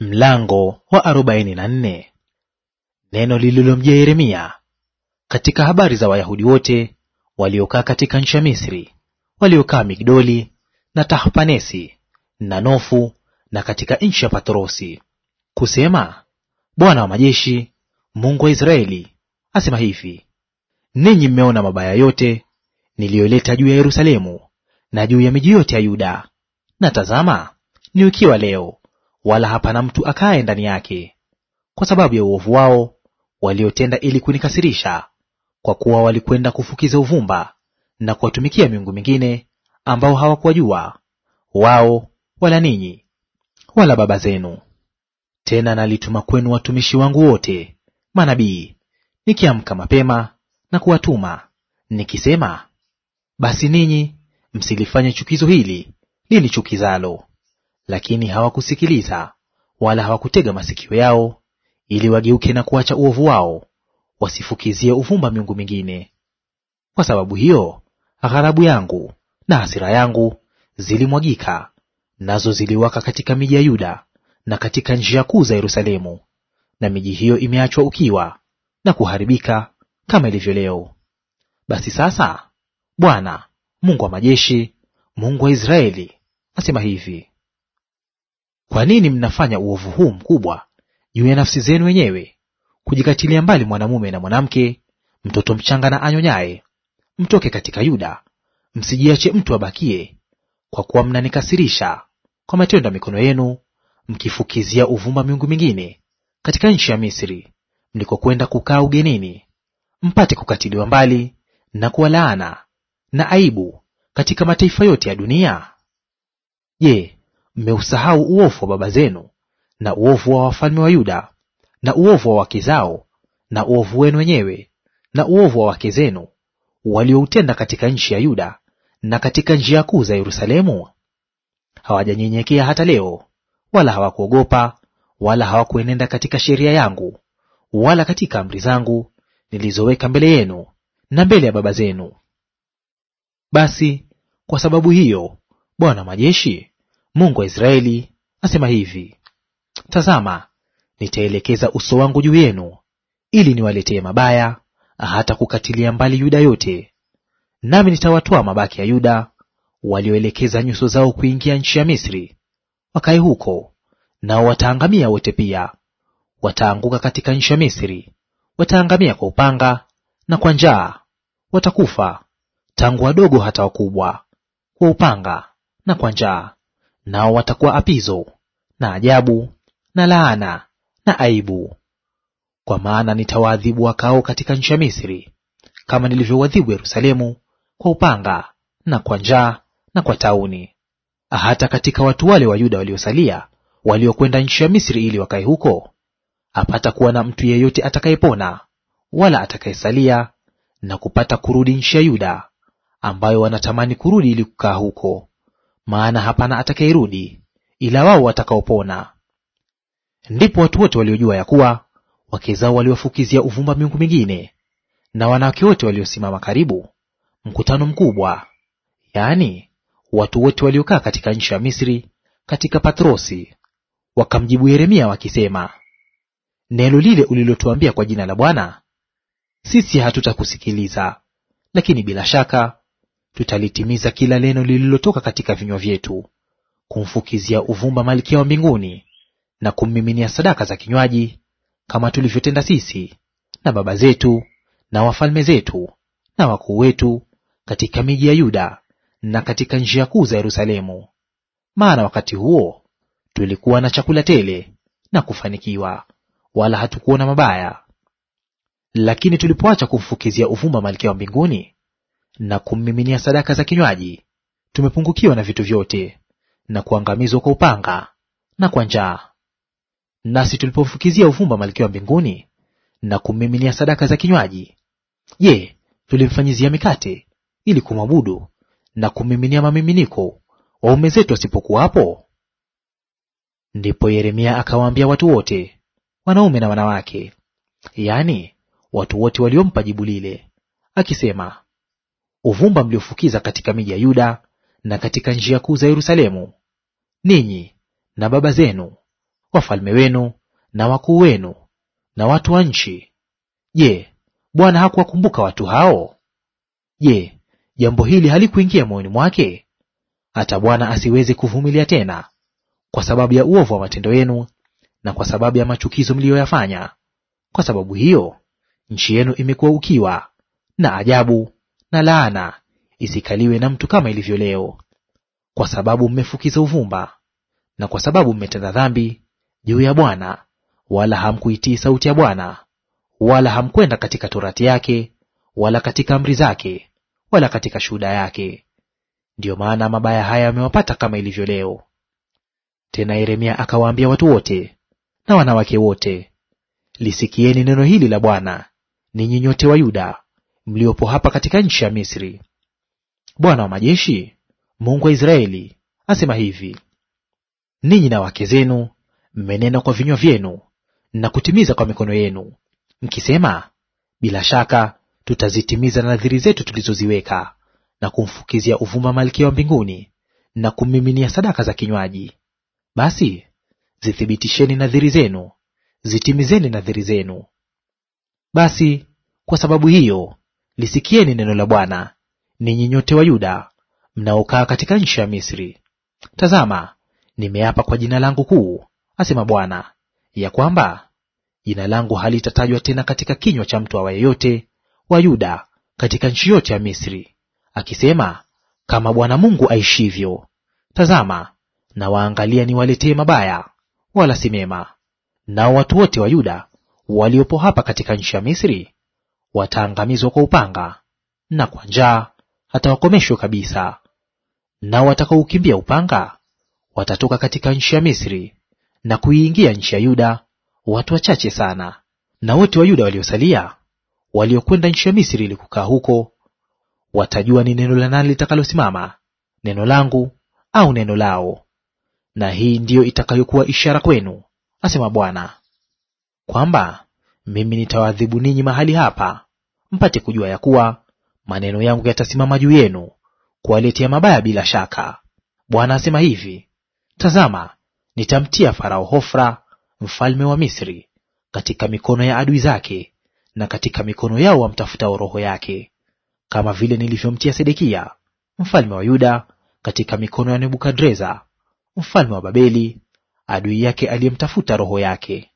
Mlango wa arobaini na nne. Neno lililomjia Yeremia katika habari za Wayahudi wote waliokaa katika nchi ya Misri, waliokaa Migdoli na Tahpanesi na Nofu na katika nchi ya Patrosi, kusema, Bwana wa majeshi, Mungu wa Israeli, asema hivi: Ninyi mmeona mabaya yote niliyoleta juu ya Yerusalemu na juu ya miji yote ya Yuda, na tazama, ni ukiwa leo wala hapana mtu akaye ndani yake. Kwa sababu ya uovu wao waliotenda ili kunikasirisha, kwa kuwa walikwenda kufukiza uvumba na kuwatumikia miungu mingine, ambao hawakuwajua wao wala ninyi wala baba zenu. Tena nalituma kwenu watumishi wangu wote manabii, nikiamka mapema na kuwatuma nikisema, basi ninyi msilifanye chukizo hili lilichukizalo lakini hawakusikiliza wala hawakutega masikio yao, ili wageuke na kuacha uovu wao, wasifukizie uvumba miungu mingine. Kwa sababu hiyo ghadhabu yangu na hasira yangu zilimwagika, nazo ziliwaka katika miji ya Yuda na katika njia kuu za Yerusalemu, na miji hiyo imeachwa ukiwa na kuharibika kama ilivyo leo. Basi sasa Bwana Mungu wa majeshi, Mungu wa Israeli, asema hivi: kwa nini mnafanya uovu huu mkubwa juu ya nafsi zenu wenyewe, kujikatilia mbali mwanamume na mwanamke, mtoto mchanga na anyonyaye? Mtoke katika Yuda, msijiache mtu abakie, kwa kuwa mnanikasirisha kwa matendo ya mikono yenu, mkifukizia uvumba miungu mingine katika nchi ya Misri, mlikokwenda kukaa ugenini, mpate kukatiliwa mbali na kuwa laana na aibu katika mataifa yote ya dunia? Je, mmeusahau uovu wa baba zenu na uovu wa wafalme wa Yuda na uovu wa wake zao na uovu wenu wenyewe na uovu wa wake zenu walioutenda katika nchi ya Yuda na katika njia kuu za Yerusalemu? Hawajanyenyekea hata leo, wala hawakuogopa, wala hawakuenenda katika sheria yangu, wala katika amri zangu nilizoweka mbele yenu na mbele ya baba zenu. Basi kwa sababu hiyo, Bwana majeshi Mungu wa Israeli asema hivi, Tazama, nitaelekeza uso wangu juu yenu, ili niwaletee mabaya, hata kukatilia mbali Yuda yote, nami nitawatoa mabaki ya Yuda walioelekeza nyuso zao kuingia nchi ya Misri, wakae huko, nao wataangamia wote pia. Wataanguka katika nchi ya Misri, wataangamia kwa upanga na kwa njaa, watakufa tangu wadogo hata wakubwa, kwa upanga na kwa njaa, nao watakuwa apizo na ajabu na laana na aibu. Kwa maana nitawaadhibu wakao katika nchi ya Misri, kama nilivyowadhibu Yerusalemu kwa upanga na kwa njaa na kwa tauni. Hata katika watu wale wa Yuda waliosalia waliokwenda nchi ya Misri ili wakae huko, hapata kuwa na mtu yeyote atakayepona wala atakayesalia na kupata kurudi nchi ya Yuda, ambayo wanatamani kurudi ili kukaa huko maana hapana atakayerudi ila wao watakaopona. Ndipo watu wote waliojua ya kuwa wake zao waliwafukizia uvumba miungu mingine, na wanawake wote waliosimama karibu, mkutano mkubwa, yaani watu wote waliokaa katika nchi ya Misri, katika Patrosi, wakamjibu Yeremia wakisema, neno lile ulilotuambia kwa jina la Bwana sisi hatutakusikiliza, lakini bila shaka tutalitimiza kila neno lililotoka katika vinywa vyetu, kumfukizia uvumba malkia wa mbinguni na kummiminia sadaka za kinywaji, kama tulivyotenda sisi na baba zetu na wafalme zetu na wakuu wetu katika miji ya Yuda na katika njia kuu za Yerusalemu. Maana wakati huo tulikuwa na chakula tele na kufanikiwa, wala hatukuona mabaya. Lakini tulipoacha kumfukizia uvumba malkia wa mbinguni, na kummiminia sadaka za kinywaji, tumepungukiwa na vitu vyote, na kuangamizwa kwa upanga na kwa njaa. Nasi tulipofukizia uvumba malkia wa mbinguni na kummiminia sadaka za kinywaji, je, tulimfanyizia mikate ili kumwabudu na kummiminia mamiminiko waume zetu asipokuwapo Ndipo Yeremia akawaambia watu wote, wanaume na wanawake, yaani watu wote waliompa jibu lile, akisema, uvumba mliofukiza katika miji ya Yuda na katika njia kuu za Yerusalemu, ninyi na baba zenu, wafalme wenu na wakuu wenu na watu wa nchi. Je, Bwana hakuwakumbuka watu hao? Je, jambo hili halikuingia moyoni mwake, hata Bwana asiweze kuvumilia tena kwa sababu ya uovu wa matendo yenu na kwa sababu ya machukizo mliyoyafanya? Kwa sababu hiyo nchi yenu imekuwa ukiwa na ajabu na laana isikaliwe na mtu kama ilivyo leo, kwa sababu mmefukiza uvumba na kwa sababu mmetenda dhambi juu ya Bwana, wala hamkuitii sauti ya Bwana, wala hamkwenda katika torati yake, wala katika amri zake, wala katika shuhuda yake. Ndiyo maana mabaya haya yamewapata kama ilivyo leo. Tena Yeremia akawaambia watu wote na wanawake wote, lisikieni neno hili la Bwana, ninyi nyote wa Yuda mliopo hapa katika nchi ya Misri. Bwana wa majeshi, Mungu wa Israeli, asema hivi: ninyi na wake zenu mmenena kwa vinywa vyenu na kutimiza kwa mikono yenu, mkisema, bila shaka tutazitimiza nadhiri zetu tulizoziweka, na kumfukizia uvuma malkia wa mbinguni na kummiminia sadaka za kinywaji. Basi zithibitisheni nadhiri zenu, zitimizeni nadhiri zenu. Basi kwa sababu hiyo Lisikieni neno la Bwana, ninyi nyote wa Yuda mnaokaa katika nchi ya Misri. Tazama, nimeapa kwa jina langu kuu, asema Bwana, ya kwamba jina langu halitatajwa tena katika kinywa cha mtu awaye yote wa Yuda katika nchi yote ya Misri, akisema, kama Bwana Mungu aishivyo. Tazama, nawaangalia niwaletee mabaya, wala si mema. Nao watu wote wa Yuda waliopo hapa katika nchi ya Misri wataangamizwa kwa upanga na kwa njaa hata wakomeshwe kabisa. Nao watakaukimbia upanga watatoka katika nchi ya Misri na kuiingia nchi ya Yuda, watu wachache sana. Na wote wa Yuda waliosalia waliokwenda nchi ya Misri ili kukaa huko watajua ni neno la nani litakalosimama, neno langu au neno lao. Na hii ndiyo itakayokuwa ishara kwenu, asema Bwana, kwamba mimi nitawaadhibu ninyi mahali hapa mpate kujua ya kuwa maneno yangu yatasimama juu yenu kuwaletea mabaya bila shaka. Bwana asema hivi, tazama, nitamtia Farao Hofra mfalme wa Misri katika mikono ya adui zake na katika mikono yao wamtafutao roho yake, kama vile nilivyomtia Sedekia mfalme wa Yuda katika mikono ya Nebukadreza mfalme wa Babeli adui yake aliyemtafuta roho yake.